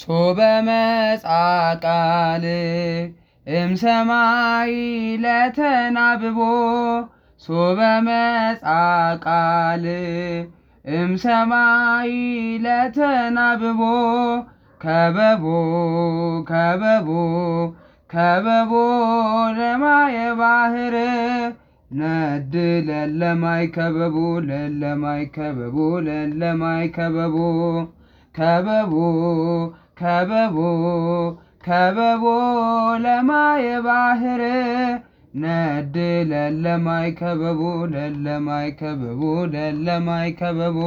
ሶበ መጻቃል ሰማይ ለተናብቦ ሶበ መጻቃል እምሰማይ ለተናብቦ ከበቦ ከበቦ ከበቦ ለማየ ባህር ነድ ለለማይ ከበቦ ለለማይ ከበቦ ለለማይ ከበቦ ከበቦ ከበቦ ከበቦ ለማየ ባህር ነድ ለለማይ ከበቦ ለለማይ ከበቦ ለለማይ ከበቦ